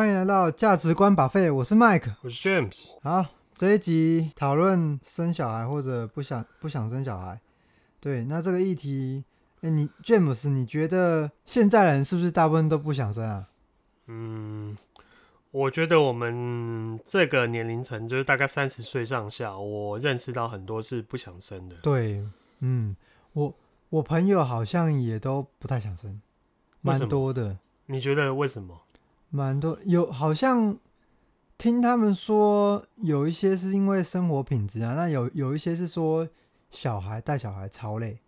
歡迎來到價值觀 Buffet，我是 Mike，我是 James。好，這一集討論生小孩或者不想不想生小孩。對，那這個議題，哎、欸，你 James，你覺得現在人是不是大部分都不想生啊？嗯，我覺得我們這個年齡層，就是大概三十歲上下，我認識到很多是不想生的。對，嗯，我我朋友好像也都不太想生，蠻多的。你覺得為什麼？蠻多有，好像聽他們說有一些是因為生活品質啊，那有有一些是說小孩帶小孩超累，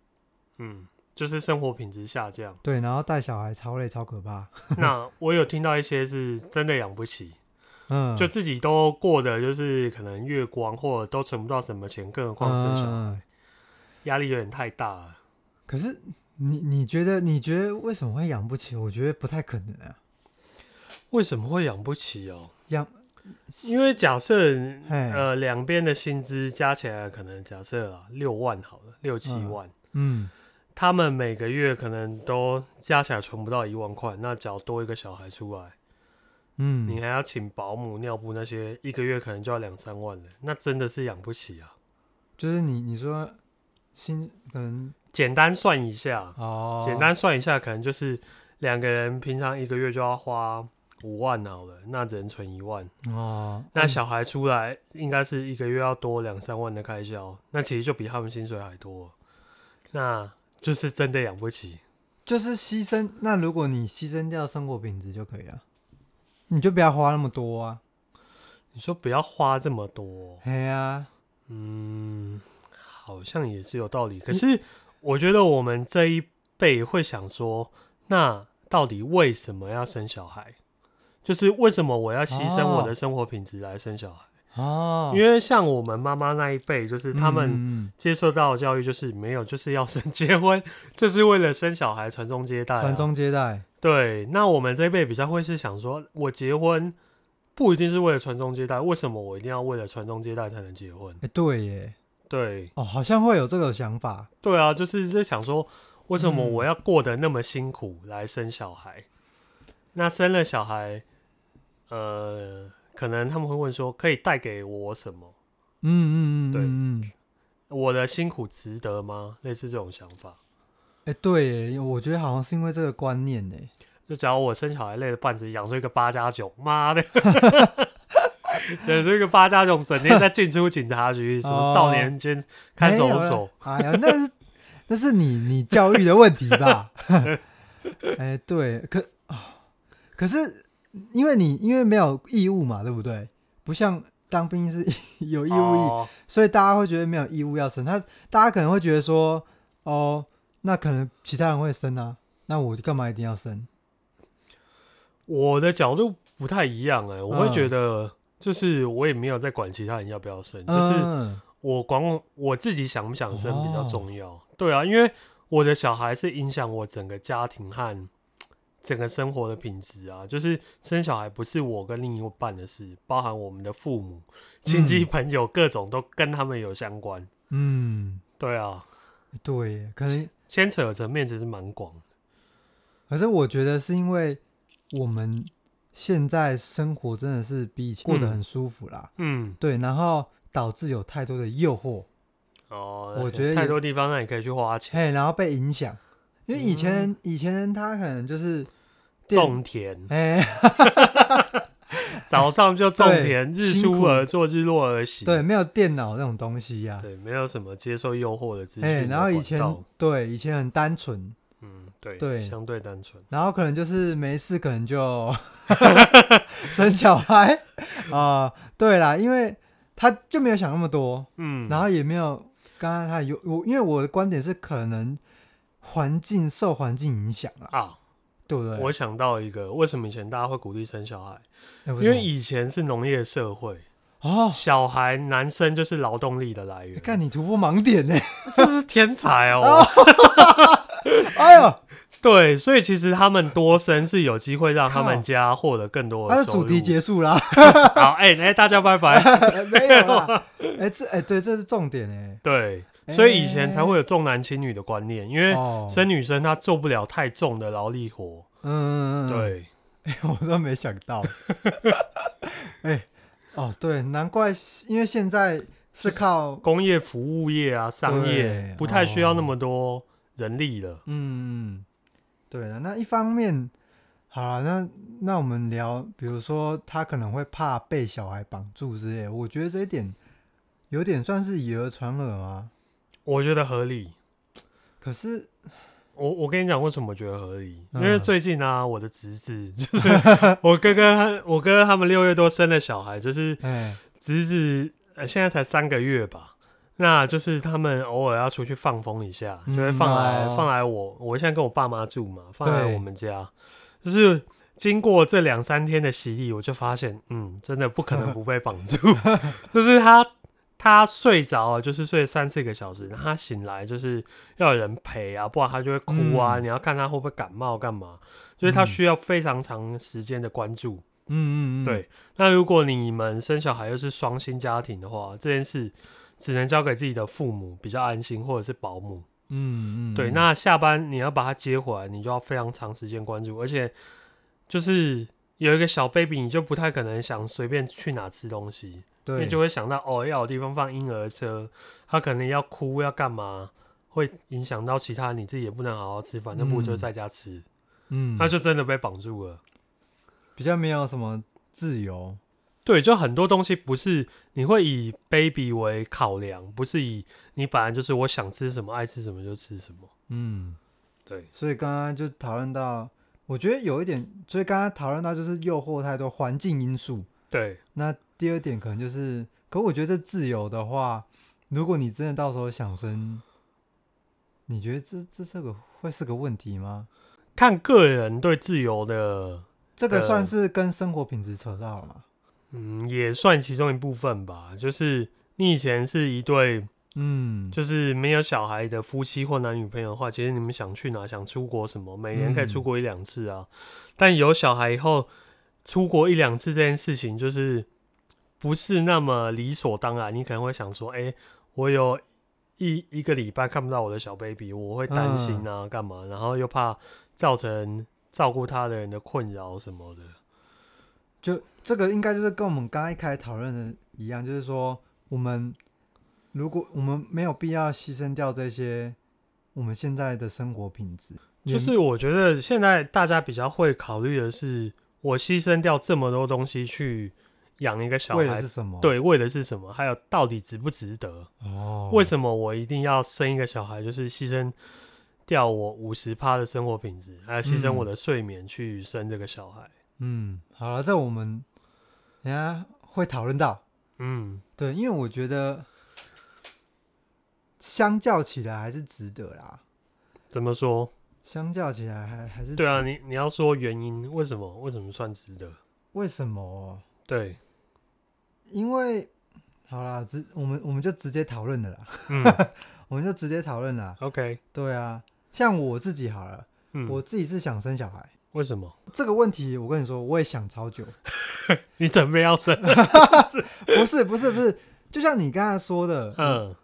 嗯，就是生活品質下降，對，然後帶小孩超累，超可怕。 那我有聽到一些是真的養不起，嗯，就自己都過得就是可能月光，或者都存不到什麼錢，更何況生小孩，嗯、壓力有點太大了。可是你你覺得你覺得為什麼會養不起？我覺得不太可能啊。為什麼會養不起哦？養養，因為假設嘿呃兩邊的薪資加起來，可能假設啊六萬好了，六七萬嗯，嗯，他們每個月可能都加起來存不到一萬塊，那只要多一個小孩出來，嗯，你還要請保姆、尿布那些，一個月可能就要兩三萬了，那真的是養不起啊。就是你你說薪可能簡單算一下哦，簡單算一下，可能就是兩個人平常一個月就要花。五萬好了，那只能存一萬哦。那小孩出來，應該是一個月要多兩三萬的開銷，那其實就比他們薪水還多，那就是真的養不起，就是犧牲。那如果你犧牲掉生活品質就可以了，你就不要花那麼多啊。你說不要花這麼多，嘿啊，嗯，好像也是有道理。可是我覺得我們這一輩會想說，那到底為什麼要生小孩？就是為什麼我要犧牲我的生活品質來生小孩？因為像我們媽媽那一輩，就是他們接受到的教育，就是沒有就是要生結婚，就是為了生小孩傳宗接代。傳宗接代，對。那我們這一輩比較會是想說，我結婚不一定是為了傳宗接代，為什麼我一定要為了傳宗接代才能結婚？誒，對耶，對哦，好像會有這個想法。對啊，就是在想說，為什麼我要過得那麼辛苦來生小孩？那生了小孩。呃，可能他們會問說，可以帶給我什麼？嗯嗯嗯，嗯對，嗯、我的辛苦值得嗎？類似這種想法。哎、欸，對，我覺得好像是因為這個觀念呢，就假如我生小孩累得半死，養出一個八加九，媽的 養出一個！對，這個八加九整天在進出警察局， 什麼少年監看守所？哎呀，那是 那是你你教育的問題吧？哎、 欸，對，可可是。因為你因為沒有義務嘛，對不對？不像當兵是有義務義，哦、所以大家會覺得沒有義務要生他，大家可能會覺得說，哦，那可能其他人會生啊，那我幹嘛一定要生？我的角度不太一樣哎、欸，我會覺得就是我也沒有在管其他人要不要生，嗯、就是我管我自己想不想生比較重要。哦、對啊，因為我的小孩是影響我整個家庭和。整個生活的品質啊，就是生小孩不是我跟另一半的事，包含我們的父母、親戚、朋友，嗯、各種都跟他們有相關。嗯，對啊，對，可是牽扯的層面其實蠻廣。可是我覺得是因為我們現在生活真的是比以前過得很舒服啦。嗯，對，然後導致有太多的誘惑。哦，我覺得太多地方，那你可以去花錢。欸、然後被影響。因為以前以前他可能就是種田，早上就種田，日出而作，日落而息。對，沒有電腦這種東西呀，對，沒有什麼接受誘惑的資訊。然後以前對，以前很單純，嗯，對對，相對單純。然後可能就是沒事，可能就生小孩啊。對啦，因為他就沒有想那麼多，嗯，然後也沒有，剛剛他有我，因為我的觀點是可能。環境受環境影響啊，對不對？我想到一個，為什麼以前大家會鼓勵生小孩？因為以前是農業社會，小孩男生就是勞動力的來源。看，你突破盲點呢，這是天才哦！哎呦，對，所以其實他們多生是有機會讓他們家獲得更多的。那主題結束了，好，哎哎，大家拜拜，沒有了。哎，這哎，對，這是重點哎，對。所以以前才會有重男輕女的觀念，因為生女生她做不了太重的勞力活。嗯，對。哎、欸，我都沒想到。哎、 欸，哦，對，難怪，因為現在是靠工業服務業啊，商業對不太需要那麼多人力了、哦。嗯，對了，那一方面，好了，那那我們聊，比如說他可能會怕被小孩綁住之類，我覺得這一點有點算是以訛傳訛啊。我覺得合理，可是我我跟你講為什麼我覺得合理？嗯、因為最近啊，我的侄子就是我哥哥他 我哥哥他們六月多生的小孩，就是侄子、欸呃、現在才三個月吧。那就是他們偶爾要出去放風一下，嗯、就會放來、哦、放來我我現在跟我爸媽住嘛，放在我們家。對就是經過這兩三天的洗禮，我就發現，嗯，真的不可能不被綁住， 就是他。他睡着就是睡了三四個小時，他醒來就是要有人陪啊，不然他就會哭啊。嗯、你要看他會不會感冒，幹嘛？所以他需要非常長時間的關注。嗯嗯嗯，對。嗯嗯嗯、那如果你們生小孩又是雙薪家庭的話，這件事只能交給自己的父母比較安心，或者是保姆、嗯。嗯嗯，對。那下班你要把他接回來，你就要非常長時間關注，而且就是有一個小 baby，你就不太可能想隨便去哪吃東西。對你就會想到哦，要有地方放嬰兒車，他可能要哭要幹嘛，會影響到其他，你自己也不能好好吃飯，那、嗯、不如就在家吃，嗯，那就真的被綁住了，比較沒有什麼自由。對，就很多東西不是你會以 baby 為考量，不是以你本來就是我想吃什麼愛吃什麼就吃什麼。嗯，對，所以剛剛就討論到，我覺得有一點，所以剛剛討論到就是誘惑太多，環境因素。對，那。第二點可能就是，可我覺得這自由的話，如果你真的到時候想生，你覺得這這是個會是個問題嗎？看個人對自由的這個算是跟生活品質扯到了嗎？呃，嗯，也算其中一部分吧。就是你以前是一對嗯，就是沒有小孩的夫妻或男女朋友的話，其實你們想去哪，想出國什麼，每年可以出國一兩次啊。嗯。但有小孩以後，出國一兩次這件事情就是。不是那麼理所當然，你可能會想說：“哎、欸，我有一一個禮拜看不到我的小 baby，我會擔心啊，幹、嗯、嘛？然後又怕造成照顧他的人的困擾什麼的。就”就這個，應該就是跟我們剛剛一開始討論的一樣，就是說，我們如果我們沒有必要犧牲掉這些我們現在的生活品質，就是我覺得現在大家比較會考慮的是，我犧牲掉這麼多東西去。養一個小孩，是什麼？對，為的是什麼？還有到底值不值得？哦，oh. 為什麼我一定要生一個小孩？就是犧牲掉我五十趴的生活品質，還要犧牲我的睡眠去生這個小孩？嗯，嗯，好了，這我們等一下會討論到。嗯，對，因為我覺得，相較起來還是值得啦。怎麼說？相較起來還還是值得對啊？你你要說原因，為什麼？為什麼算值得？為什麼？對。因為，好啦，直我們我們就直接討論的啦，嗯，我們就直接討論了，了，OK，對啊，像我自己好了，嗯、我自己是想生小孩，為什麼？這個問題我跟你說，我也想超久， 你準備要生 不是？不是不是不是，就像你剛才說的，嗯，嗯，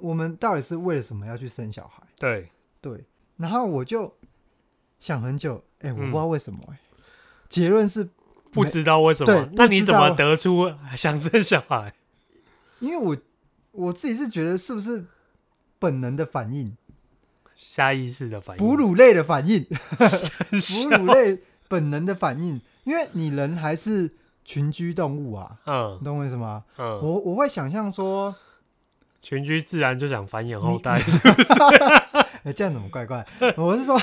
我們到底是為了什麼要去生小孩？對對，然後我就想很久，哎、欸，我不知道為什麼、欸，哎、嗯，結論是。不知道為什麼？那你怎麼得出想生小孩？因為我我自己是覺得是不是本能的反應，下意識的反應，哺乳類的反應， 哺乳類本能的反應，因為你人還是群居動物啊，嗯，你懂為什麼？嗯，我我會想象說，群居自然就想繁衍後代，你是不是？哎、 欸，這樣怎麼怪怪？我是說，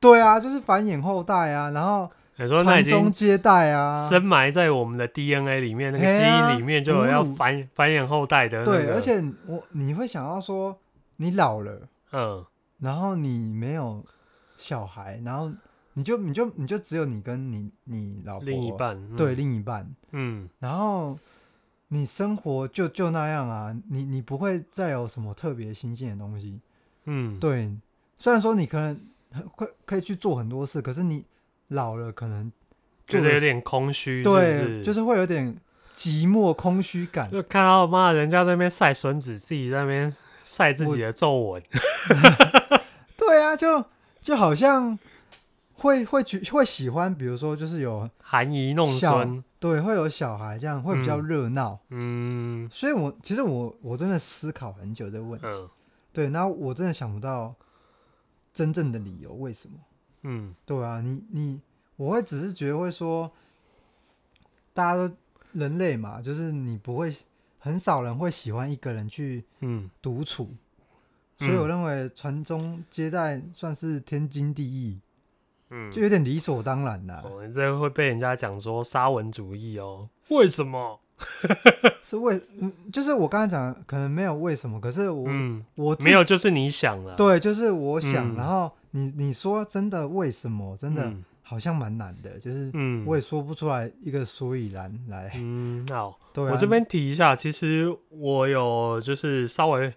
對啊，就是繁衍後代啊，然後。你說傳宗接代啊，深埋在我們的 DNA 裡面，啊、那個基因裡面就有要繁、嗯、繁衍後代的、那個。對，而且我你會想要說，你老了，嗯，然後你沒有小孩，然後你就你就你就只有你跟你你老婆另一半，嗯、對，另一半，嗯，然後你生活就就那樣啊，你你不會再有什麼特別新鮮的東西，嗯，對。雖然說你可能會可以去做很多事，可是你。老了可能覺得有點空虛，對，就是會有點寂寞、空虛感。就看到我媽，人家在那邊曬孫子，自己在那邊曬自己的皺紋。我 對啊，就就好像會會會喜歡，比如說，就是有含飴弄孫，對，會有小孩，這樣會比較熱鬧、嗯。嗯，所以我其實我我真的思考很久這個問題，嗯、對，那我真的想不到真正的理由為什麼。嗯，對啊，你你我會只是覺得會說，大家都人類嘛，就是你不會很少人會喜歡一個人去嗯獨處，嗯、所以我認為傳宗接代算是天經地義，嗯，就有點理所當然的。哦，你這會被人家講說沙文主義哦？是為什麼？ 是為、嗯、就是我剛才講的可能沒有為什麼，可是我、嗯、我沒有就是你想了，對，就是我想，嗯、然後。你你說真的，為什麼真的好像蠻難的？嗯、就是，我也說不出來一個所以然來。嗯，好，對，我這邊提一下，其實我有就是稍微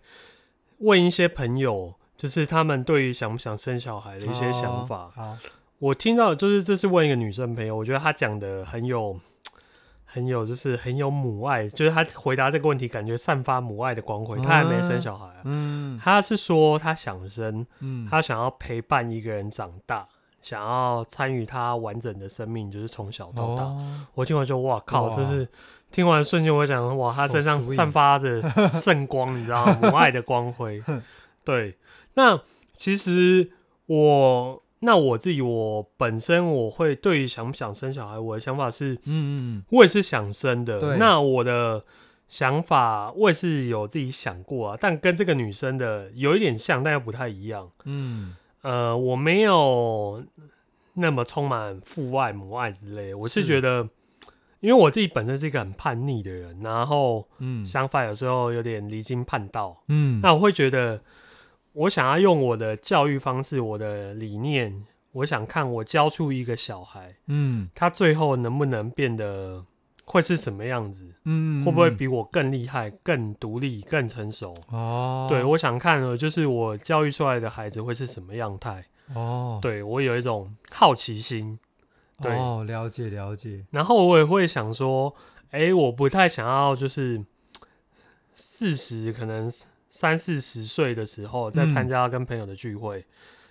問一些朋友，就是他們對於想不想生小孩的一些想法。哦、好，我聽到就是這是問一個女生朋友，我覺得她講的很有。很有，就是很有母愛，就是他回答這個問題，感覺散發母愛的光輝。嗯、他還沒生小孩、啊，嗯、他是說他想生，嗯、他想要陪伴一個人長大，想要參與他完整的生命，就是從小到大。哦、我聽完就哇靠，哇這是聽完瞬間，我想說哇，他身上散發着聖光，屬 你知道嗎？母愛的光輝。 對，那其實我。那我自己，我本身我會對於想不想生小孩，我的想法是，嗯，嗯，嗯，我也是想生的。對。那我的想法，我也是有自己想過啊，但跟這個女生的有一點像，但又不太一樣。嗯，呃，我沒有那麼充滿父愛母愛之類。我是覺得，因為我自己本身是一個很叛逆的人，然後想法有時候有點離經叛道。嗯，那我會覺得。我想要用我的教育方式，我的理念，我想看我教出一個小孩，嗯，他最後能不能變得會是什麼樣子？嗯，會不會比我更厲害、更獨立、更成熟？哦，對，我想看的就是我教育出來的孩子會是什麼樣態。哦，對，我有一種好奇心，對，了解、哦、了解。了解。然後我也會想說，哎、欸，我不太想要就是四十，可能。三四十歲的時候，在參加跟朋友的聚會，嗯、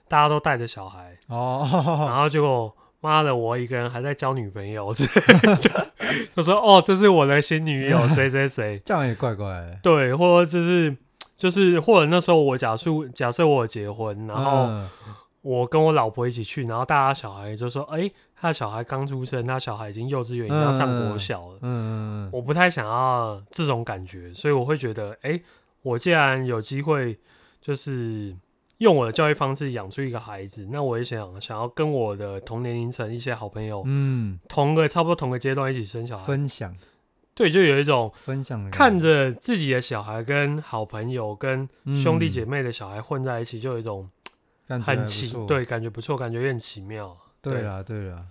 大家都帶着小孩，哦哦、然後結果媽的，我一個人還在交女朋友， 就說哦，這是我的新女友，誰誰誰，誰誰誰這樣也怪怪的。對，或者就是就是，或者那時候我假設假設我結婚，然後、嗯、我跟我老婆一起去，然後大家小孩就說，哎、欸，他小孩剛出生，他小孩已經幼稚園，嗯、已經要上國小了，嗯，嗯嗯我不太想要這種感覺，所以我會覺得，哎、欸。我既然有機會，就是用我的教育方式養出一個孩子，那我也想想要跟我的同年齡層一些好朋友，嗯，同個差不多同個階段一起生小孩，分享，對，就有一種分享的，看着自己的小孩跟好朋友、跟兄弟姐妹的小孩混在一起，就有一種很奇，感覺對，感覺不錯，感覺有點奇妙，對啊，對啊。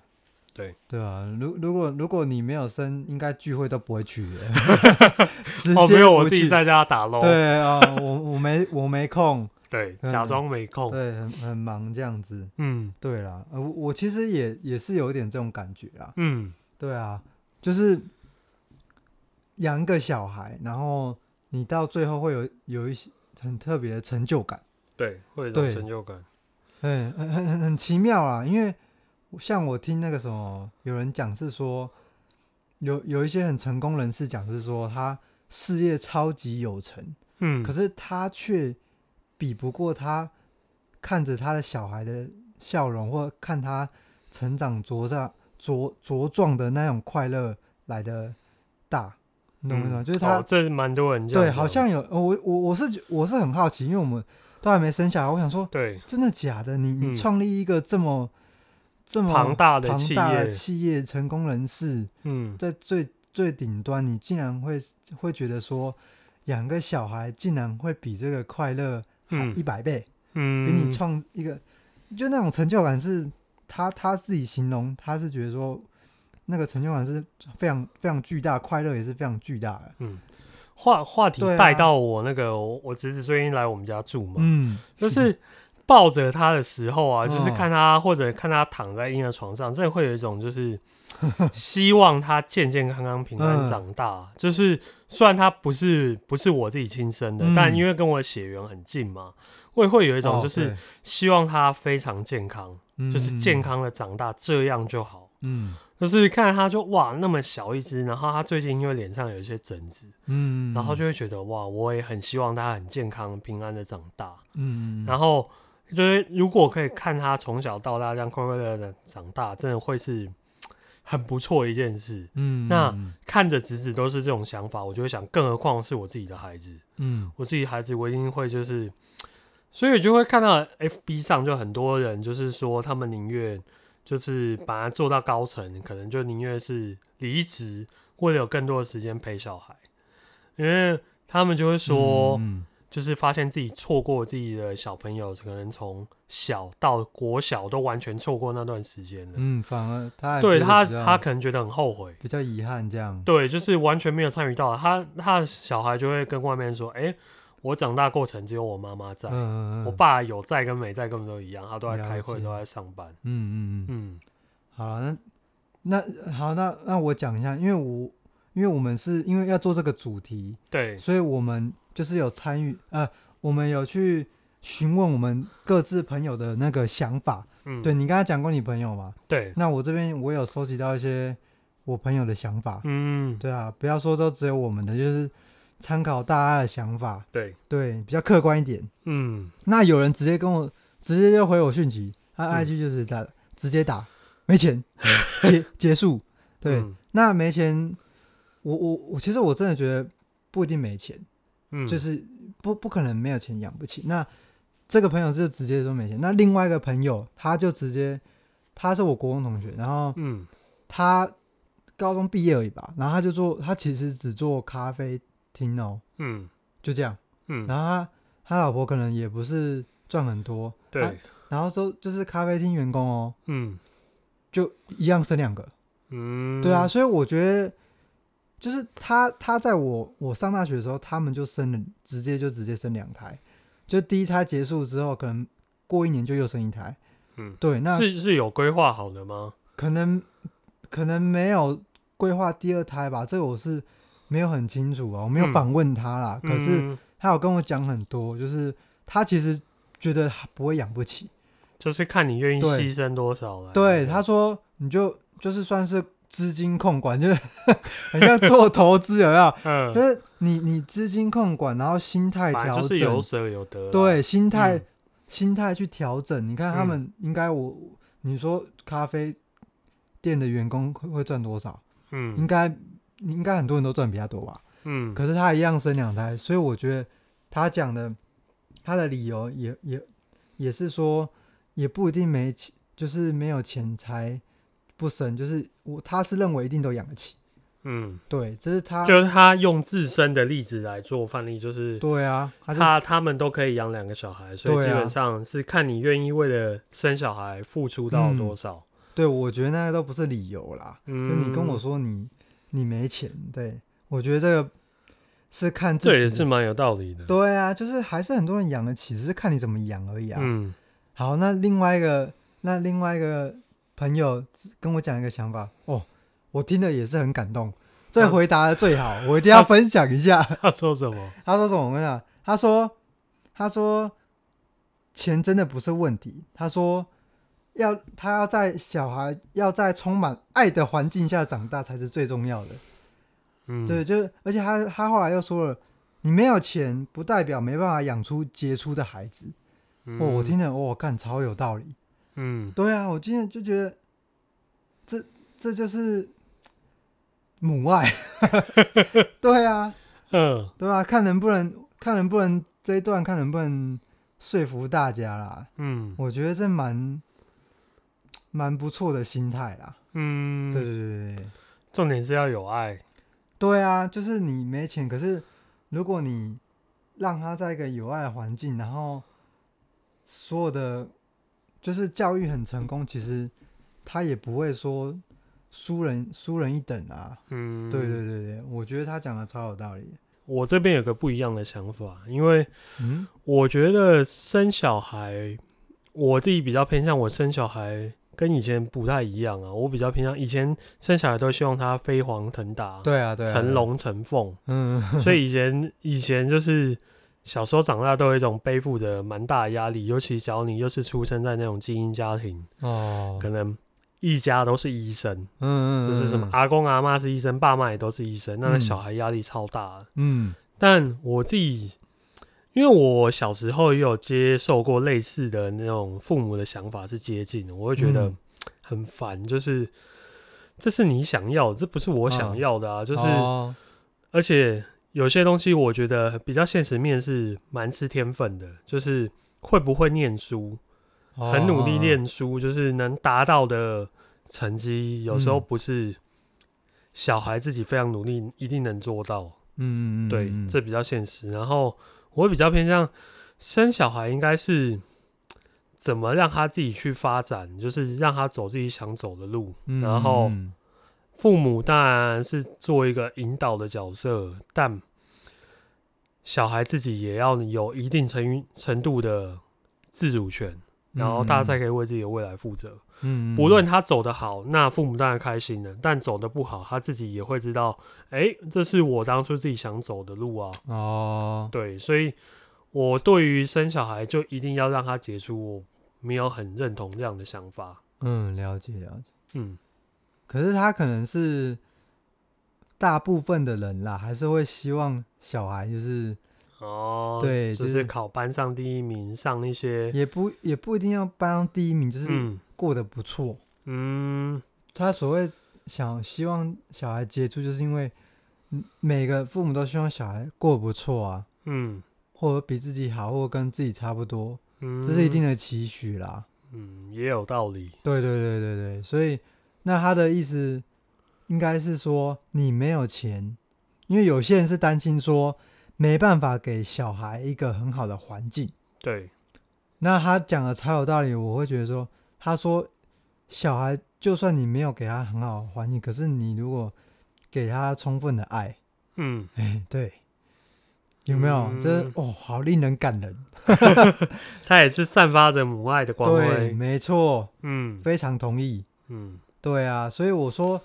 對對啊，如如果如果你沒有生，應該聚會都不會去的。 不 哦，沒有，我自己在家打撈。對啊、呃，我我沒我沒空。對，嗯、假裝沒空。對，很很忙這樣子。嗯，對啦，我我其實也也是有一點這種感覺啦。嗯，對啊，就是養一個小孩，然後你到最後會有有一些很特別的成就感。對，會有種成就感。對，對，很很很奇妙啊，因為。像我聽那個什麼，有人講是說，有有一些很成功人士講是說，他事業超級有成，嗯，可是他卻比不過他看着他的小孩的笑容，或看他成長茁壯、茁茁壯的那種快樂來的大，嗯、你懂不懂？就是他，哦、這蠻多人講對，好像有、呃、我我我是我是很好奇，因為我們都還沒生下來，我想說，對，真的假的？你你創立一個這麼。嗯這麼龐大的龐大的企業，成功人士，嗯，在最最頂端，你竟然會會覺得說，養個小孩竟然會比這個快樂，好一百倍，嗯，比你創一個，就那種成就感是，他他自己形容，他是覺得說，那個成就感是非常非常巨大，快樂也是非常巨大的，嗯，話話題帶到我那個我侄子最近來我們家住嘛，嗯，就是。抱着他的時候啊，就是看他，oh. 或者看他躺在嬰兒床上，這會有一種就是希望他健健康康平安長大。 就是雖然他不是不是我自己親生的，嗯、但因為跟我的血緣很近嘛，我也會有一種就是希望他非常健康，Okay. 就是健康的長大，嗯，這樣就好。可，嗯、就是看他就哇那麼小一隻，然後他最近因為臉上有一些疹子，嗯、然後就會覺得哇，我也很希望他很健康平安的長大。嗯，然後。就如果可以看他從小到大這樣快快樂樂長大，真的會是很不錯一件事。嗯，嗯，那看着侄子，子都是這種想法，我就會想，更何況是我自己的孩子。嗯，我自己孩子我一定會就是，所以就會看到 FB 上就很多人就是說，他們寧願就是把他做到高層，可能就寧願是離職，為了有更多的時間陪小孩，因為他們就會說。嗯嗯就是發現自己錯過自己的小朋友，可能從小到國小都完全錯過那段時間了。嗯，反而他對他，他可能覺得很後悔，比較遺憾這樣。對，就是完全沒有參與到他，他小孩就會跟外面說：“哎、欸，我長大過程只有我媽媽在，嗯、我爸有在跟沒在根本都一樣，他都在開會，了解，都在上班。嗯”嗯嗯嗯嗯。好，那那好，那那我講一下，因為我因為我們是因為要做這個主題，對，所以我們。就是有參與，呃，我們有去詢問我們各自朋友的那個想法。嗯，對你剛才講過你朋友嗎？對，那我這邊我有收集到一些我朋友的想法。嗯，對啊，不要說都只有我們的，就是參考大家的想法。對，對，比較客觀一點。嗯，那有人直接跟我直接就回我訊息，他 IG 就是打對直接打沒錢、欸、結 結束。對，嗯、那沒錢，我我我其實我真的覺得不一定沒錢。嗯、就是不不可能沒有錢養不起，那這個朋友就直接說沒錢。那另外一個朋友他就直接，他是我國工同學，然後嗯，他高中畢業而已吧，然後他就做，他其實只做咖啡廳哦、喔，嗯，就這樣，嗯，然後他他老婆可能也不是賺很多，對，然後說就是咖啡廳員工哦、喔，嗯，就一樣生兩個，嗯，對啊，所以我覺得。就是他，他在我我上大學的時候，他們就生了，直接就直接生兩胎，就第一胎結束之後，可能過一年就又生一胎。嗯，對，那是是有規劃好的嗎？可能可能沒有規劃第二胎吧，這個我是沒有很清楚啊，我沒有訪問他啦，嗯，可是他有跟我講很多，就是他其實覺得不會養不起，就是看你願意犧牲多少了。對，對，他說你就就是算是。資金控管就是，很像做投資 有沒有？嗯、就是你你資金控管，然後心態調整，就是有捨有得、啊、對、心態、嗯、心態去調整。你看他們應該我、嗯、你說咖啡店的員工會賺多少？嗯、應該應該很多人都賺比較多吧。嗯，可是他一樣生兩胎，所以我覺得他講的他的理由也也也是說也不一定沒就是沒有錢財。不生就是我，他是認為一定都養得起。嗯，對，這、就是他，就是他用自身的例子來做範例，就是對啊，他他、他們都可以養兩個小孩，所以基本上是看你願意為了生小孩付出到多少。嗯、對，我覺得那個都不是理由啦。就、嗯、你跟我說你你沒錢，對我覺得這個是看，這也是蠻有道理的。對啊，就是還是很多人養得起，只是看你怎麼養而已啊。嗯，好，那另外一個，那另外一個。朋友跟我講一個想法哦，我聽了也是很感動。這樣 回答的最好， 他我一定要分享一下。他說什麼？ 他說什麼？我跟你講，他說，他說錢真的不是問題。他說要他要在小孩要在充滿愛的環境下長大才是最重要的。嗯，對，就是，而且他他後來又說了，你沒有錢不代表沒辦法養出傑出的孩子。嗯、哦，我聽了，我、哦、看超有道理。嗯，對啊，我今天就覺得，這這就是母愛， 對啊，嗯，對啊，看能不能，看能不能這一段，看能不能說服大家啦。嗯，我覺得這蠻蠻不錯的心態啦。嗯，對對對對對，重點是要有愛。對啊，就是你沒錢，可是如果你讓他在一個有愛的環境，然後所有的。就是教育很成功，其實他也不會說輸人輸人一等啊。嗯，對對對對，我覺得他講的超有道理。我這邊有個不一樣的想法，因為我覺得生小孩，我自己比較偏向，我生小孩跟以前不太一樣啊。我比較偏向以前生小孩都希望他飛黃騰達，對啊，對，成龍成鳳。嗯，所以以前 以前就是。小時候長大都有一種背負着蠻大的壓力，尤其只要你又是出生在那種精英家庭、oh. 可能一家都是醫生，嗯嗯嗯嗯，就是什麼阿公阿嬤是醫生，爸媽也都是醫生，那個、小孩壓力超大。嗯、但我自己，因為我小時候也有接受過類似的那種父母的想法是接近的，我會覺得很煩，就是這是你想要，這不是我想要的啊！啊就是、oh. 而且。有些東西我覺得比較現實面是蠻吃天分的，就是會不會念書，oh. 很努力念書，就是能達到的成績，有時候不是小孩自己非常努力一定能做到。嗯，對，這比較現實。然後我比較偏向生小孩，應該是怎麼讓他自己去發展，就是讓他走自己想走的路，嗯，然後。父母當然是做一個引導的角色，但小孩自己也要有一定程程度的自主權，然後大家才可以為自己的未來負責。嗯，不論他走得好，那父母當然開心了；但走得不好，他自己也會知道，哎、欸，這是我當初自己想走的路啊。哦，對，所以我對於生小孩就一定要讓他結束，我沒有很認同這樣的想法。嗯，了解，了解。嗯。可是他可能是大部分的人啦，還是會希望小孩就是哦，對，就是、就是考班上第一名，上那些也不也不一定要班上第一名，就是過得不錯、嗯。嗯，他所謂想希望小孩接觸，就是因為每個父母都希望小孩過得不錯啊。嗯，或者比自己好，或跟自己差不多，嗯、這是一定的期許啦。嗯，也有道理。對對對對對，所以。那他的意思應該是說，你沒有錢，因為有些人是擔心說沒辦法給小孩一個很好的環境。對，那他講的才有道理，我會覺得說，他說小孩就算你沒有給他很好的環境，可是你如果給他充分的愛，嗯，哎、欸，對，有沒有？這、嗯、哦，好令人感人， 他也是散發着母愛的光輝，對，沒錯，嗯，非常同意，嗯。對啊，所以我說，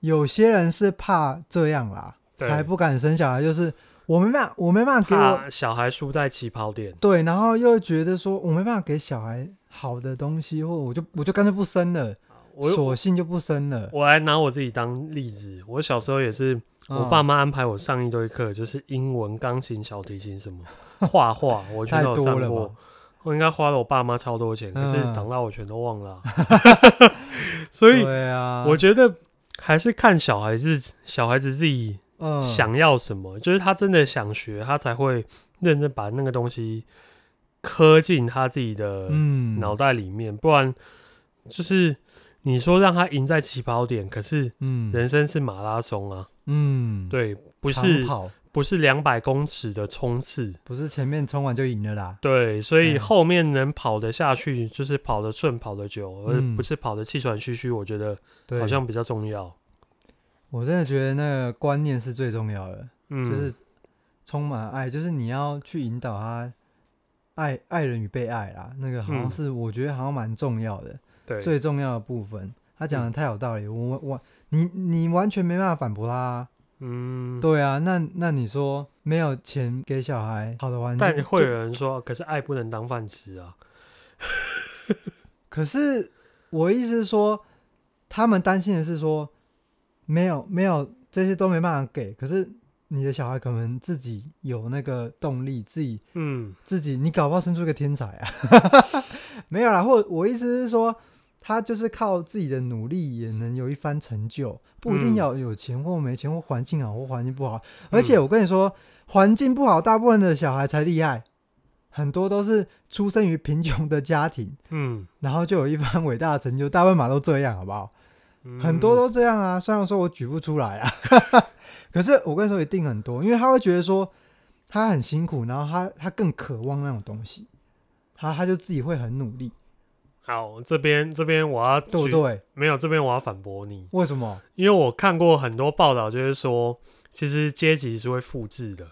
有些人是怕這樣啦，對才不敢生小孩。就是我沒辦法，我沒辦法給我，怕小孩輸在起跑點。對，然後又覺得說，我沒辦法給小孩好的東西，或我就我就乾脆不生了，我索性就不生了。我還拿我自己當例子，我小時候也是，嗯、我爸媽安排我上一堆課，就是英文、鋼琴、小提琴什麼、畫畫，我覺得我 太多了。我應該花了我爸媽超多錢，可是長大我全都忘了、啊。嗯、 所以，我覺得還是看小孩子，小孩子自己想要什麼，就是他真的想學，他才會認真把那個東西刻進他自己的腦袋裡面。嗯、不然，就是你說讓他贏在起跑點，可是，人生是馬拉松啊，嗯，對，不是不是兩百公尺的衝刺，不是前面衝完就贏了啦。對，所以後面能跑得下去，就是跑得順、跑得久，嗯、而不是跑得氣喘吁吁。我覺得好像比較重要。我真的覺得那個觀念是最重要的，嗯、就是充滿愛，就是你要去引導他愛愛，愛人與被愛啦。那個好像是我覺得好像蠻重要的，嗯、最重要的部分。他講得太有道理，嗯、我我你你完全沒辦法反駁他、啊。嗯，對啊，那那你說沒有錢給小孩好的玩具，但會有人說，就可是愛不能當飯吃啊。 可是我意思是說，他們擔心的是說，沒有沒有這些都沒辦法給。可是你的小孩可能自己有那個動力，自己嗯，自己你搞不好生出一個天才啊。 沒有啦，或我意思是說。他就是靠自己的努力也能有一番成就，不一定要有錢或沒錢或環境好或環境不好。而且我跟你說，環境不好，大部分的小孩才厲害，很多都是出生於貧窮的家庭，嗯，然後就有一番偉大的成就。大部分嘛都這樣，好不好？很多都這樣啊，雖然說我舉不出來啊， 可是我跟你說一定很多，因為他會覺得說他很辛苦，然後他他更渴望那種東西，他他就自己會很努力。好，這邊這邊我要對對，沒有，這邊我要反駁你，為什麼？因為我看過很多報道，就是說其實階級是會複製的，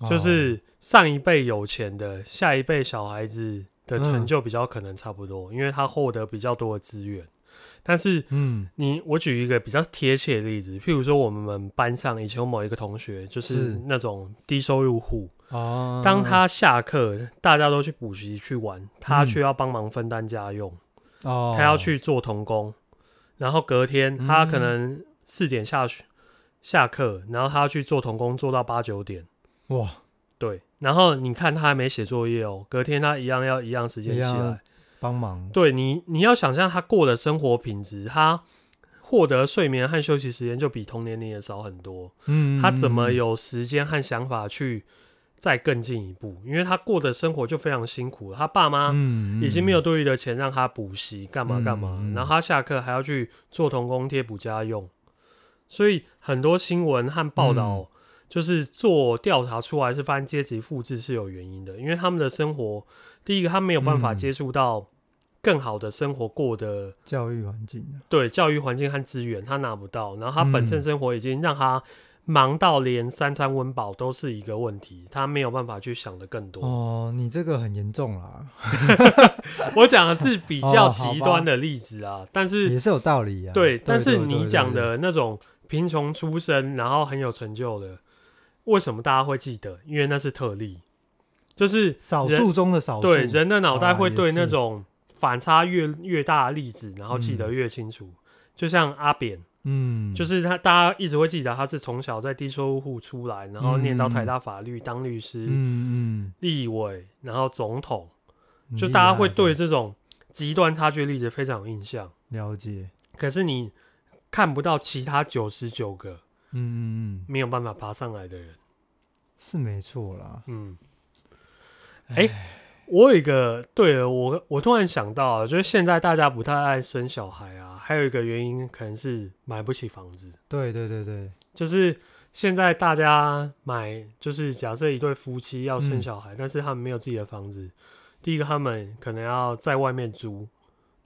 哦、就是上一輩有錢的，下一輩小孩子的成就比較可能差不多，嗯、因為他獲得比較多的資源。但是，嗯，你我舉一個比較貼切的例子，譬如說我們班上以前有某一個同學，就是那種低收入戶。嗯當他下課，大家都去補習去玩，他卻要幫忙分擔家用。嗯、他要去做童工，然後隔天他可能四點下、嗯、下課，然後他要去做童工做到八九點。哇，對，然後你看他還沒寫作業哦，隔天他一樣要一樣時間起來幫忙。對你，你要想象他過的生活品質，他獲得睡眠和休息時間就比同年齡也少很多。嗯，嗯，嗯，他怎麼有時間和想法去？再更進一步，因為他過的生活就非常辛苦了，他爸媽已經沒有多餘的錢讓他補習，幹、嗯嗯、嘛幹嘛。嗯、然後他下課還要去做童工貼補家用，所以很多新聞和報道就是做調查出來是發現階級複製是有原因的。因為他們的生活，第一個他沒有辦法接觸到更好的生活過的、嗯、教育環境的。對，教育環境和資源他拿不到。然後他本身生活已經讓他。忙到連三餐溫飽都是一個問題，他沒有辦法去想得更多。哦，你這個很嚴重啦、啊！ 我講的是比較極端的例子啊，哦、但是也是有道理啊。對，但是你講的那種貧窮出身然後很有成就的，為什麼大家會記得？因為那是特例，就是少數中的少數。對，人的腦袋會對那種反差越越大的例子，然後記得越清楚。嗯、就像阿扁。嗯，就是他，大家一直會記得他是從小在低收入戶出來，然後念到台大法律、嗯、當律師，嗯嗯嗯，嗯立委，然後總統，厲害，就大家會對這種極端差距的例子非常有印象，了解。可是你看不到其他九十九個，嗯沒有辦法爬上來的人，嗯、是沒錯啦。嗯，哎。我有一個，對了，我我突然想到啊，就是現在大家不太愛生小孩啊，還有一個原因可能是買不起房子。對對對對，就是現在大家買，就是假設一對夫妻要生小孩，嗯，但是他們沒有自己的房子，第一個他們可能要在外面租，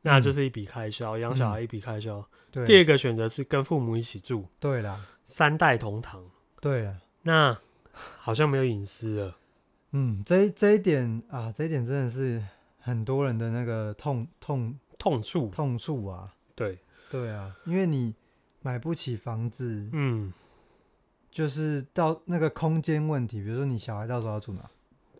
那就是一筆開銷，養小孩一筆開銷。嗯，對，第二個選擇是跟父母一起住，對啦，三代同堂，對啊，那好像沒有隱私了。嗯，這一這一點啊，這一點真的是很多人的那個痛痛痛處，痛處啊，對，對啊，因為你買不起房子，嗯，就是到那個空間問題，比如說你小孩到時候要住哪？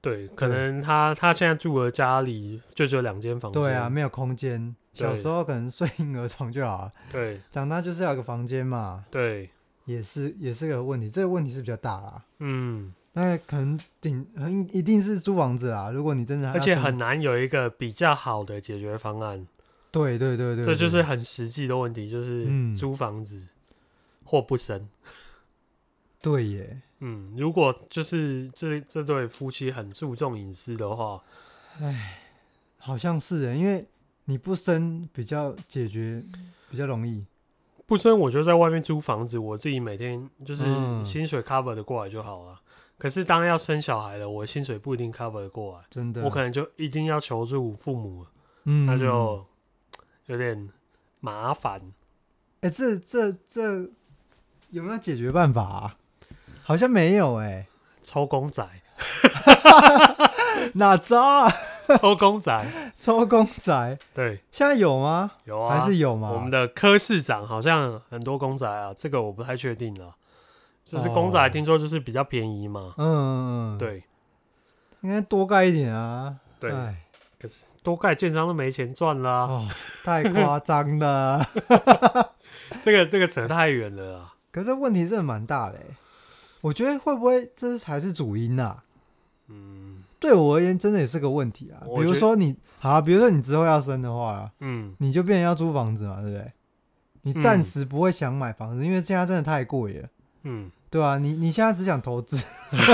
對，可能他，對，他現在住的家裡就只有兩間房間，對啊，沒有空間，小時候可能睡嬰兒床就好了，對，長大就是要有一個房間嘛，對也，也是也是個問題，這個問題是比較大啦，嗯。那可能頂很一定是租房子啦！如果你真的還而且很難有一個比較好的解決方案。對對，對對對對，這就是很實際的問題，就是租房子或不生。嗯、對耶，嗯，如果就是這這對夫妻很注重隱私的話，哎，好像是耶，因為你不生比較解決比較容易。不生，我就在外面租房子，我自己每天就是薪水 cover 的過來就好了。嗯可是，當要生小孩了，我的薪水不一定 cover 得過啊。真的，我可能就一定要求助父母了，嗯，那就有點麻煩。哎、欸，這這這有沒有解決辦法啊？好像沒有哎、欸，抽公仔哪招啊？抽公仔， 啊、抽公仔， 抽公仔對，現在有嗎？有啊，還是有嗎？我們的柯市長好像很多公仔啊，這個我不太確定了。就是公仔，聽說就是比較便宜嘛。嗯，對，應該多蓋一點啊。對，可是多蓋建商都沒錢賺啦，太誇張的。這個這個扯太遠了啦。可是問題真的蠻大的，我覺得會不會這才是主因吶？嗯，對我而言真的也是個問題啊。比如說你好，比如說你之後要生的話，嗯，你就變成要租房子嘛，對不對？你暫時不會想買房子，因為現在真的太貴了。嗯。對啊，你你現在只想投資，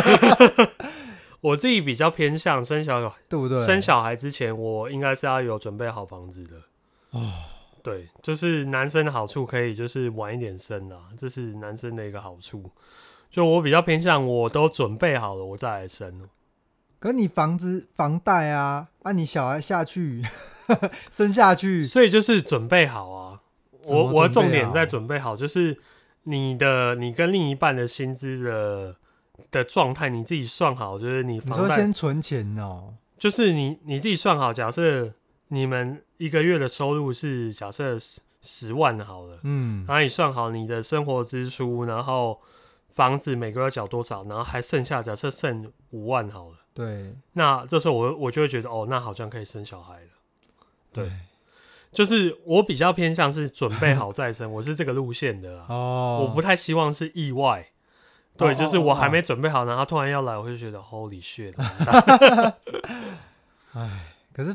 我自己比較偏向生小孩，對不對？生小孩之前，我應該是要有準備好房子的啊。哦、對，就是男生的好處可以就是晚一點生啊，這是男生的一個好處。就我比較偏向，我都準備好了，我再來生。可是你房子房貸啊，啊，你小孩下去呵呵生下去，所以就是準備好啊。好，我我的重點在準備好，就是。你的你跟另一半的薪資的的狀態，你自己算好，就是你房貸。你說先存錢哦、喔，就是你你自己算好。假設你們一個月的收入是假設十十萬好了，嗯，然後你算好你的生活支出，然後房子每個月繳多少，然後還剩下，假設剩五萬好了。對，那這時候我我就會覺得，哦，那好像可以生小孩了。對。對就是我比較偏向是準備好再生， 我是這個路線的啦、哦、我不太希望是意外，哦、對，哦、就是我還沒準備好，呢，他、哦、突然要來，我就覺得 Holy shit！ 唉可是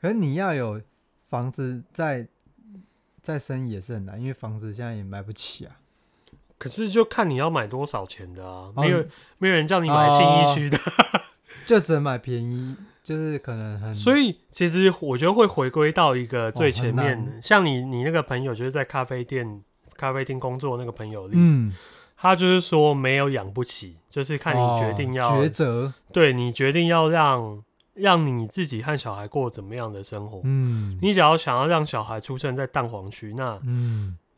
可是你要有房子再再生也是很難，因為房子現在也買不起啊。可是就看你要買多少錢的啊，哦、沒有沒有人叫你買信義區的，哦、 就只能買便宜。就是可能很，所以其實我覺得會回歸到一個最前面，像你你那個朋友就是在咖啡店、咖啡廳工作那個朋友的例子，嗯、他就是說沒有養不起，就是看你決定要抉擇，對，你決定要讓讓你自己和小孩過怎麼樣的生活。嗯、你只要想要讓小孩出生在蛋黃區，那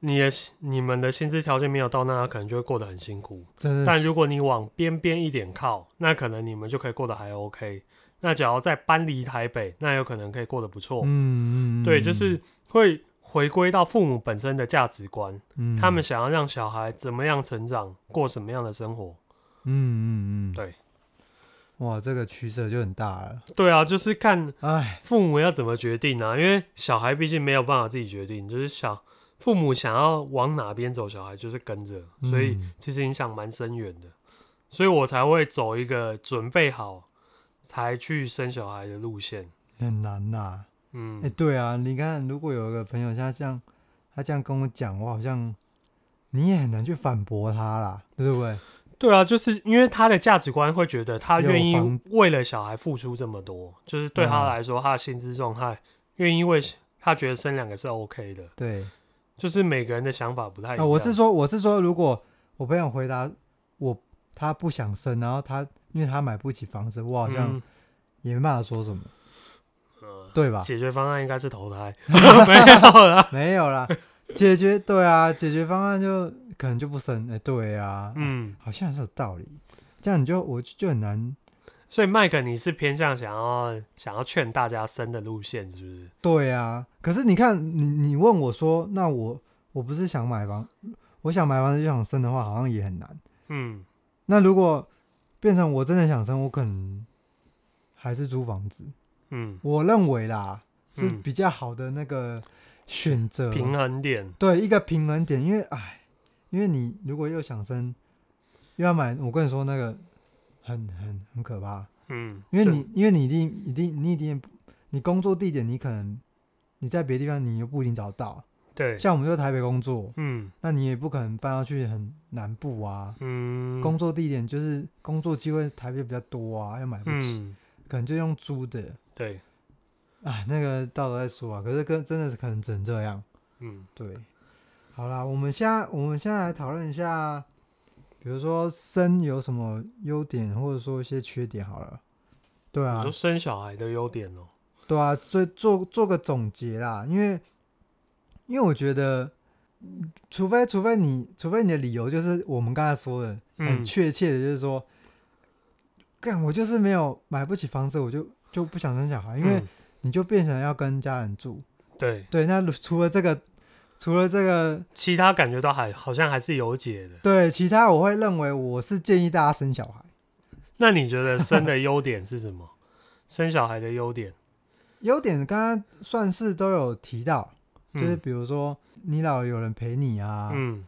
你的你們的薪資條件沒有到，那他可能就會過得很辛苦。真的，但如果你往邊邊一點靠，那可能你們就可以過得還 OK。那假如再搬離台北，那有可能可以過得不錯。嗯嗯，對，就是會回歸到父母本身的價值觀，嗯、他們想要讓小孩怎麼樣成長，過什麼樣的生活。嗯嗯嗯，嗯嗯對。哇，這個取捨就很大了。對啊，就是看哎，父母要怎麼決定啊？唉因為小孩畢竟沒有辦法自己決定，就是小父母想要往哪邊走，小孩就是跟着，所以其實影響蠻深遠的。所以我才會走一個準備好。才去生小孩的路線，很難吶、啊，嗯，哎、欸，對啊，你看，如果有一個朋友他像這樣，他這樣跟我講，我好像你也很難去反駁他啦，對不對？對啊，就是因為他的價值觀會覺得他願意為了小孩付出這麼多，防就是對他來說，嗯、他的薪資狀態願意為他覺得生兩個是 OK 的，對，就是每個人的想法不太一樣。啊、我是說，我是說，如果我不想回答我他不想生，然後他。因為他買不起房子，我好像也沒辦法說什麼，對吧，嗯嗯。解決方案應該是投胎， 沒有啦 啦， 沒有啦。解決，對啊，解決方案就可能就不生。哎、欸，對啊嗯，嗯，好像是有道理。這樣你就我就，就很難。所以麥克你是偏向想要想要勸大家生的路線，是不是？對啊。可是你看，你你問我說，那我我不是想買房，我想買房子就想生的話，好像也很難。嗯，那如果。變成我真的想生，我可能還是租房子。嗯，我認為啦，是比較好的那個選擇，平衡點。對，一個平衡點，因為哎，因為你如果又想生，又要買，我跟你說那個很很很可怕。嗯，因為你就因為你一定一定你一定你工作地點你可能你在別的地方你又不一定找得到。對，像我們就在台北工作，嗯，那你也不可能搬到去很南部啊，嗯，工作地點就是工作機會台北比較多啊，又買不起，嗯、可能就用租的，對，啊，那個到時候再說啊。可是跟真的是可能只能這樣，嗯，對，好啦，我們現在我們現在來討論一下，比如說生有什麼優點，或者說一些缺點，好了，對啊，就生小孩的優點哦、喔，對啊，所以做做個總結啦，因為。因為我覺得，除非除非你，除非你的理由就是我們剛才說的很確切的，就是說，干、嗯、我就是沒有買不起房子，我就就不想生小孩，因為你就變成要跟家人住。嗯、對對，那除了這個，除了這個，其他感覺都還好像還是有解的。對，其他我會認為我是建議大家生小孩。那你覺得生的優點是什麼？ 生小孩的優點？優點剛剛算是都有提到。就是比如說，你老了有人陪你啊，嗯、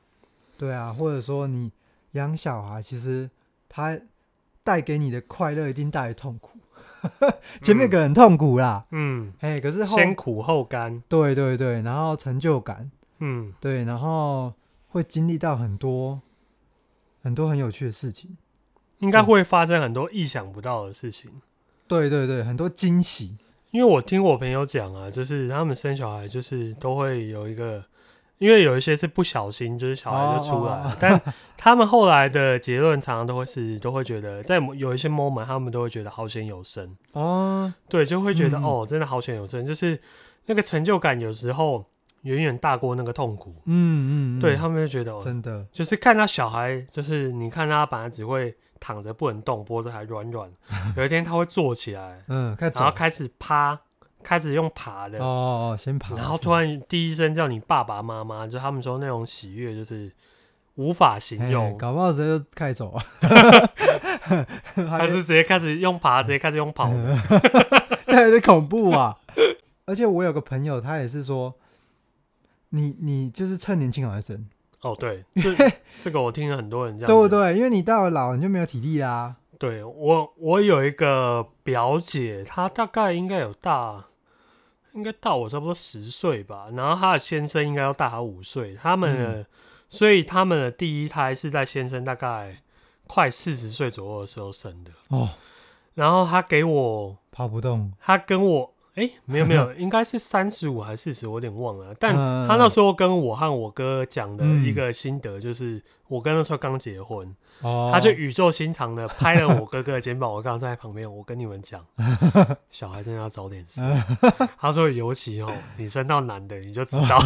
對啊，或者說你養小孩，其實他帶給你的快樂一定大於痛苦。 前面可能痛苦啦，嗯，哎、欸，可是後，先苦後甘，對對對，然後成就感，嗯，對，然後會經歷到很多很多很有趣的事情，應該會發生很多意想不到的事情，嗯、對對對，很多驚喜。因為我聽我朋友講啊，就是他們生小孩，就是都會有一個，因為有一些是不小心，就是小孩就出來了，啊啊啊啊，但他們後來的結論常常都會是，都會覺得在某有一些 moment，他們都會覺得好險有生、啊、對，就會覺得、嗯、哦，真的好險有生，就是那個成就感有時候遠遠大過那個痛苦，嗯嗯，嗯對，對他們就覺得真的、哦，就是看到小孩，就是你看他本來只會。躺着不能動，脖子還軟軟。有一天他會坐起來， 嗯，然後開始趴，開始用爬的哦，哦，哦，先爬，然後突然第一聲叫你爸爸媽媽，就他們說那種喜悅就是無法形容。搞不好直接就開走啊， 就還是直接開始用爬，直接開始用跑的， 這有點恐怖啊。 而且我有個朋友，他也是說，你你就是趁年輕而生。哦，對，這 這個我聽了很多人這樣，對不對，對？因為你到了老你就沒有體力啦。對，我，我有一個表姐，她大概應該有大，應該大我差不多十歲吧。然後她的先生應該要大她五歲，他們的，嗯、所以他們的第一胎是在先生大概快四十歲左右的時候生的哦。然後他給我跑不動，他跟我。哎、欸，沒有沒有， 應該是三十五還是四十，我有點忘了。但他那時候跟我和我哥講的一個心得，就是我哥那時候剛結婚。Oh. 他就語重心長的拍了我哥哥的肩膀，我剛剛在旁邊， 我跟你們講，小孩真的要早點生。 他說，尤其哦，你生到男的你就知道，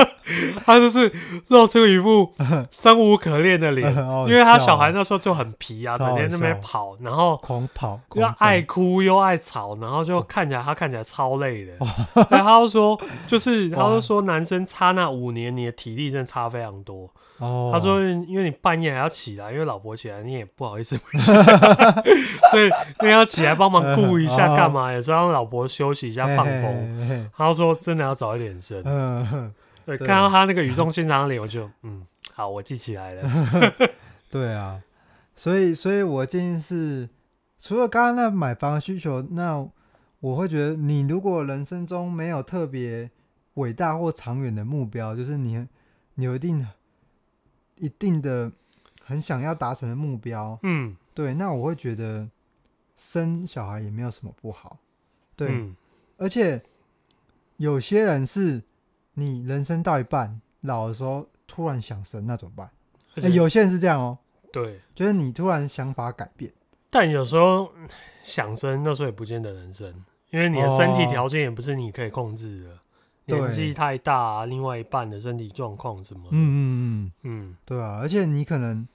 他就是露出一副生無可戀的臉， 因為他小孩那時候就很皮啊， 整天在那邊跑，然後狂跑，又愛哭又愛吵，然後就看起來他看起來超累的。然後 他就說，就是哇他就說，男生差那五年，你的體力真的差非常多。Oh, 他說：“因為你半夜還要起來，因為老婆起來，你也不好意思問，所以 你要起來幫忙顧一下，幹嘛？就讓老婆休息一下，放風。嘿嘿嘿嘿”他說：“真的要早一點生。呃、對，對看到他那個語重心長的臉， 我就嗯，好，我記起來了。 對啊，所以，所以我建議是，除了剛剛那買房的需求，那我會覺得，你如果人生中沒有特別偉大或長遠的目標，就是你，你有一定。一定的很想要達成的目標，嗯，對，那我會覺得生小孩也沒有什麼不好，對，嗯、而且有些人是你人生到一半老的時候突然想生，那怎麼辦？而且、欸？有些人是這樣哦、喔，對，就是你突然想法改變，但有時候想生那時候也不見得能生，因為你的身體條件也不是你可以控制的。哦對年紀太大、啊，另外一半的身體狀況什麼？嗯嗯嗯嗯，嗯對啊，而且你可能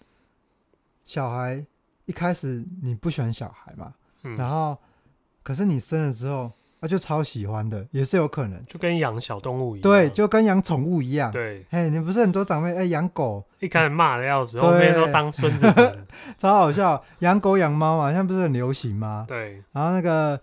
小孩一開始你不喜歡小孩嘛，嗯、然後可是你生了之後他、啊、就超喜歡的，也是有可能，就跟養小動物一樣，對，就跟養寵物一樣，對，嘿、欸，你不是很多長輩哎養狗一開始罵的要死，後面對都當孫子的 超好笑，養狗養貓嘛，現在不是很流行嗎？對，然後那個。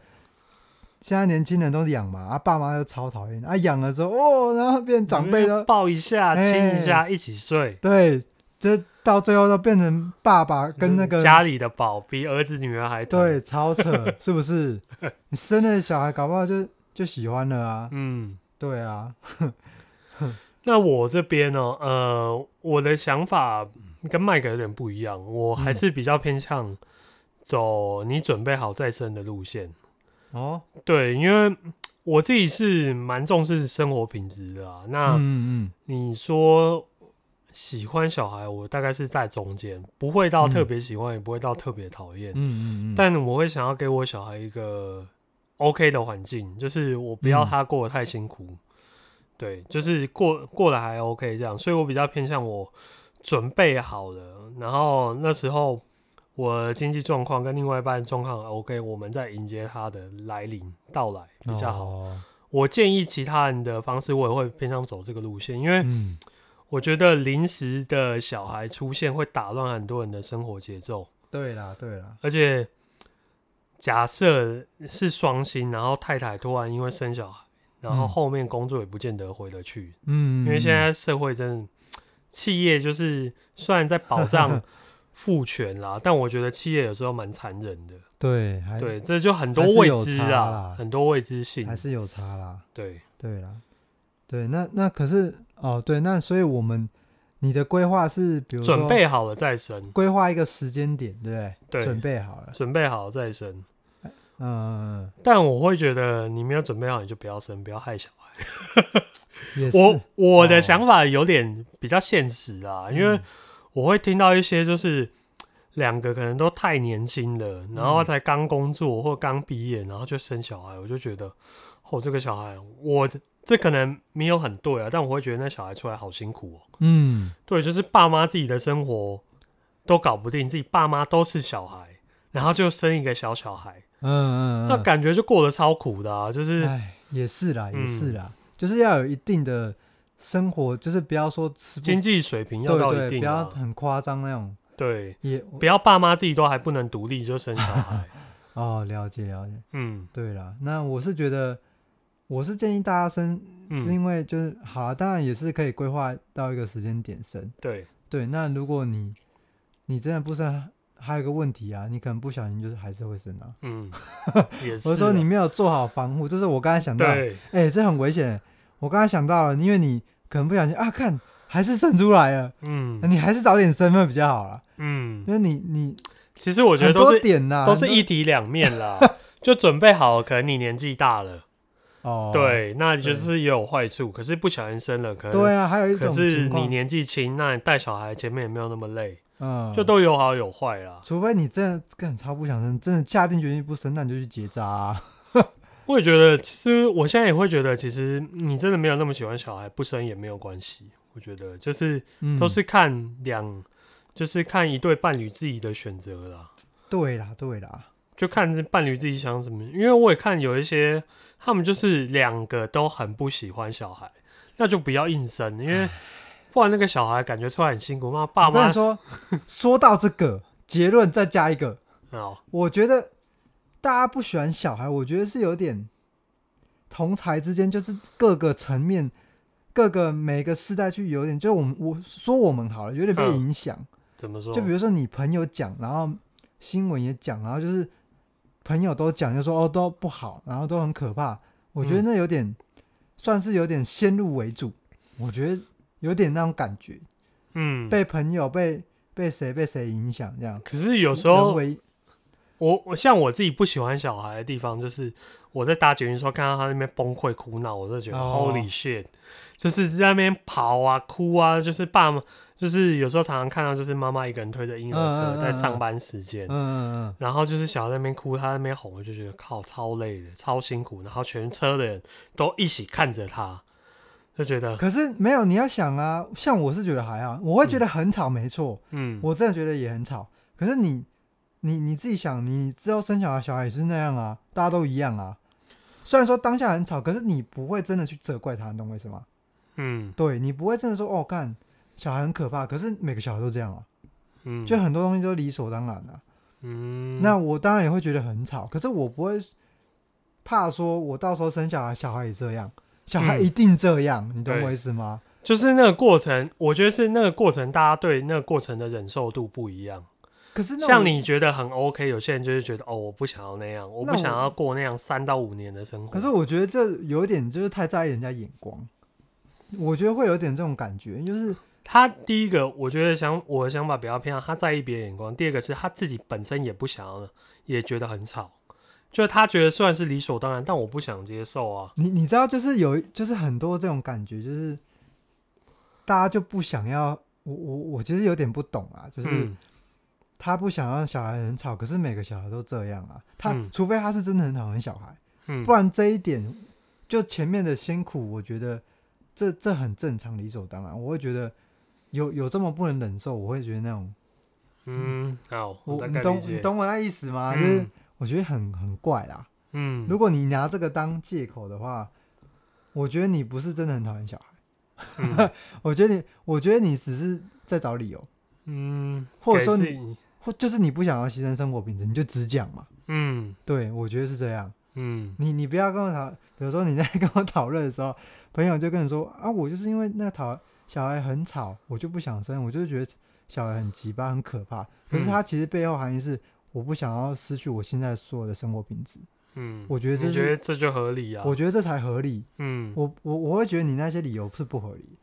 現在年輕人都是養嘛，啊，爸媽都超討厭。啊，養的時候哦，然後變成長輩都、嗯、抱一下、欸、親一下、一起睡。對，這到最後都變成爸爸跟那個、嗯、家裡的寶比兒子女兒還對，超扯， 是不是？你生了小孩，搞不好就就喜歡了啊。嗯，對啊。 那我這邊呢、哦，呃，我的想法跟麥克有點不一樣，我還是比較偏向走你準備好再生的路線。哦，對，因為我自己是蠻重視生活品質的啊。那你說喜歡小孩，我大概是在中間，不會到特別喜歡，也不會到特別討厭。嗯，但我會想要給我小孩一個 OK 的環境，就是我不要他過得太辛苦。嗯，對，就是過過得還 OK 這樣，所以我比較偏向我準備好了，然後那時候。我經濟狀況跟另外一半狀況 OK，我們再迎接他的來臨到來比較好。哦、我建議其他人的方式，我也會偏向走這個路線，因為我覺得臨時的小孩出現會打亂很多人的生活節奏。對啦，對啦，而且假設是雙薪，然後太太突然因為生小孩，然後後面工作也不見得回得去。嗯，因為現在社會真的，企業就是雖然在保障呵呵呵。父權啦，但我覺得企業有時候蠻殘忍的。對，對，這就很多未知啊，很多未知性，還是有差啦。對，對啦，對，那那可是哦，對，那所以我們你的規劃是，比如準備好了再生，規劃一個時間點，對不對？對，準備好了，準備好了再生。嗯，但我會覺得你沒有準備好，你就不要生，不要害小孩。 是我我的想法有點比較現實啊，嗯、因為。我會聽到一些就是兩個可能都太年輕了，然後才剛工作或剛畢業，然後就生小孩，我就覺得，哦，這個小孩，我這可能沒有很對啊，但我會覺得那小孩出來好辛苦哦、喔。嗯，對，就是爸媽自己的生活都搞不定，自己爸媽都是小孩，然後就生一個小小孩，嗯，嗯嗯，那感覺就過得超苦的啊，就是，也是啦，也是啦，嗯，就是要有一定的。生活就是不要說吃經濟水平要到一定，啊對對對，不要很誇張那種。對，也不要爸媽自己都還不能獨立就生小孩。 哦，了解了解。嗯，對啦。那我是覺得，我是建議大家生，是因為就是、嗯、好當然也是可以規劃到一個時間點生。對對，那如果你你真的不生，還有一個問題啊，你可能不小心就是還是會生啊。嗯， 也是。我說你沒有做好防護，這是我剛才想到，哎對、欸，這很危險。我剛才想到了，因為你可能不小心啊，看還是生出來了，嗯，你還是早點生會比較好啦。嗯，因為你你其實我覺得都是點都是一體兩面啦，就準備好了。可能你年紀大了，哦，對，那就是也有壞處，可是不小心生了，可能對啊，還有一種是你年紀輕，那你帶小孩前面也沒有那麼累，嗯，就都有好有壞啦，除非你真的幹超不想生，真的下定決心不生，那你就去結紮啊。我也覺得，其實我現在也會覺得，其實你真的沒有那麼喜歡小孩，不生也沒有關係。我覺得就是、嗯、都是看兩，就是看一對伴侶自己的選擇了。對啦，對啦，就看這伴侶自己想怎麼。因為我也看有一些，他們就是兩個都很不喜歡小孩，那就不要硬生，因為不然那個小孩感覺出來很辛苦嘛。爸媽說 說到這個結論，再加一個，好我覺得。大家不喜歡小孩，我覺得是有點同儕之間，就是各個層面、各個每個世代去有點，就我們我說我們好了，有點被影響。怎麼說？就比如說你朋友講，然後新聞也講，然後就是朋友都講，就說哦，都不好，然後都很可怕。我覺得那有點、嗯、算是有點先入為主，我覺得有點那種感覺，嗯，被朋友被被誰被誰影響這樣。可是有時候。我我像我自己不喜歡小孩的地方，就是我在搭捷運的時候看到他那邊崩潰哭鬧，我就覺得 Holy shit，就是在那邊跑啊哭啊，就是爸就是有時候常常看到就是媽媽一個人推着嬰兒車在上班時間，然後就是小孩在那邊哭，他在那邊哄，我就覺得靠超累的，超辛苦，然後全車的人都一起看着他，就覺得可是沒有你要想啊，像我是覺得還好，我會覺得很吵，沒錯，嗯，我真的覺得也很吵，可是你。你你自己想，你之後生小孩，小孩也是那樣啊，大家都一樣啊。雖然說當下很吵，可是你不會真的去責怪他，你懂我意思嗎？嗯，對你不會真的說哦，看小孩很可怕，可是每個小孩都這樣啊。嗯，就很多東西都理所當然的啊。嗯，那我當然也會覺得很吵，可是我不會怕說，我到時候生小孩，小孩也這樣，小孩一定這樣，嗯，你懂我意思嗎？就是那個過程，我覺得是那個過程，大家對那個過程的忍受度不一樣。可是像你覺得很 OK，有些人就是覺得哦，我不想要那樣，那我，我不想要過那樣三到五年的生活。可是我覺得這有點就是太在意人家眼光，我覺得會有點這種感覺。就是他第一個，我覺得想我的想法比較偏向他在意別人眼光。第二個是他自己本身也不想要，也覺得很吵，就是他覺得雖然是理所當然，但我不想接受啊。你你知道，就是有就是很多這種感覺，就是大家就不想要。我我我其實有點不懂啊，就是。嗯他不想讓小孩很吵，可是每個小孩都這樣啊。他、嗯、除非他是真的很討厭小孩，嗯、不然這一點就前面的辛苦，我覺得這這很正常，理所當然。我會覺得有有這麼不能忍受，我會覺得那種，嗯，嗯好，我，你懂你懂我那意思嗎？嗯、就是我覺得很很怪啦。嗯，如果你拿這個當借口的話，我覺得你不是真的很討厭小孩。 嗯、 我覺得你，我覺得你只是在找理由。嗯，或者說你。是就是你不想要犧牲生活品質，你就直講嘛。嗯，對，我覺得是這樣。嗯，你你不要跟我討，比如說你在跟我討論的時候，朋友就跟你說啊，我就是因為那討小孩很吵，我就不想生，我就覺得小孩很奇葩很可怕。嗯、可是他其實背後含義是，我不想要失去我現在所有的生活品質。嗯，我覺得這我覺得這就合理啊。我覺得這才合理。嗯，我我我會覺得你那些理由是不合理，嗯、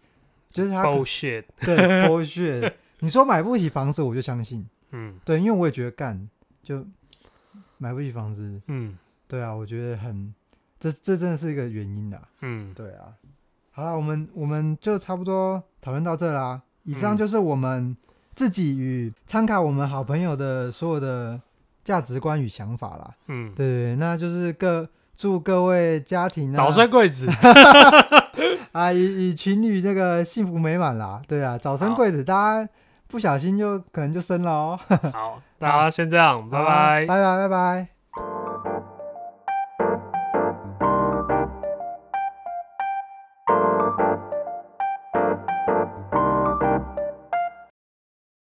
就是他剝削，shit 對剝削。 你說買不起房子，我就相信。嗯、對，因為我也覺得幹就買不起房子，嗯、對啊，我覺得很，這這真的是一個原因啦，嗯，對啊，好啦，我們我們就差不多討論到這啦，以上就是我們自己與參考我們好朋友的所有的價值觀與想法啦，嗯，對，對，那就是各祝各位家庭、啊、早生貴子， 啊，以以情侶這個幸福美滿啦，對啊，早生貴子，好大家。不小心就可能就生了哦。好，大家先這樣，嗯，拜拜，拜拜，拜拜，拜拜。